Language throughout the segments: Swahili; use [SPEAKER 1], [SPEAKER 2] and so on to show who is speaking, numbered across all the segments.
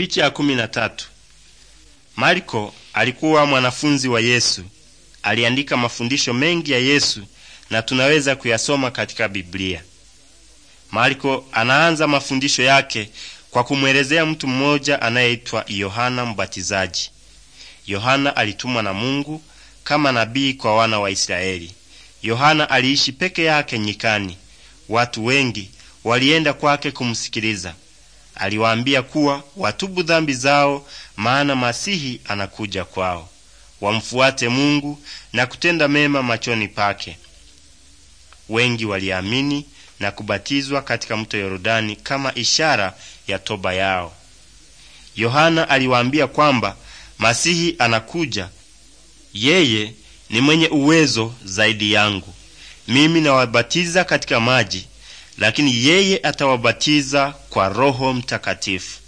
[SPEAKER 1] Picha ya kumi na tatu. Marko alikuwa mwanafunzi wa Yesu. Aliandika mafundisho mengi ya Yesu na tunaweza kuyasoma katika Biblia. Marko anaanza mafundisho yake kwa kumwelezea mtu mmoja anayeitwa Yohana Mbatizaji. Yohana alitumwa na Mungu kama nabii kwa wana wa Israeli. Yohana aliishi peke yake nyikani. Watu wengi walienda kwake kumsikiliza aliwaambia kuwa watubu dhambi zao, maana masihi anakuja kwao, wamfuate Mungu na kutenda mema machoni pake. Wengi waliamini na kubatizwa katika mto Yordani kama ishara ya toba yao. Yohana aliwaambia kwamba masihi anakuja, yeye ni mwenye uwezo zaidi yangu. Mimi nawabatiza katika maji, lakini yeye atawabatiza kwa Roho Mtakatifu.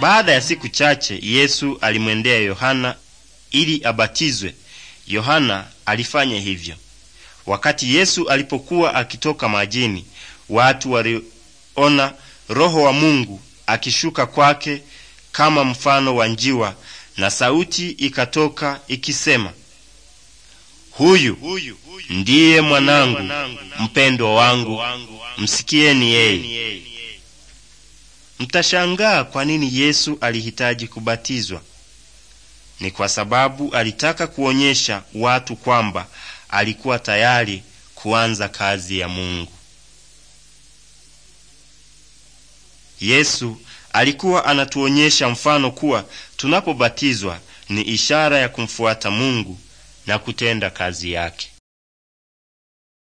[SPEAKER 1] Baada ya siku chache Yesu alimwendea Yohana ili abatizwe. Yohana alifanya hivyo. Wakati Yesu alipokuwa akitoka majini, watu waliona Roho wa Mungu akishuka kwake kama mfano wa njiwa na sauti ikatoka ikisema, huyu ndiye mwanangu mpendwa wangu, msikieni yeye. Mtashangaa kwa nini Yesu alihitaji kubatizwa. Ni kwa sababu alitaka kuonyesha watu kwamba alikuwa tayari kuanza kazi ya Mungu. Yesu alikuwa anatuonyesha mfano kuwa tunapobatizwa ni ishara ya kumfuata Mungu na kutenda kazi yake.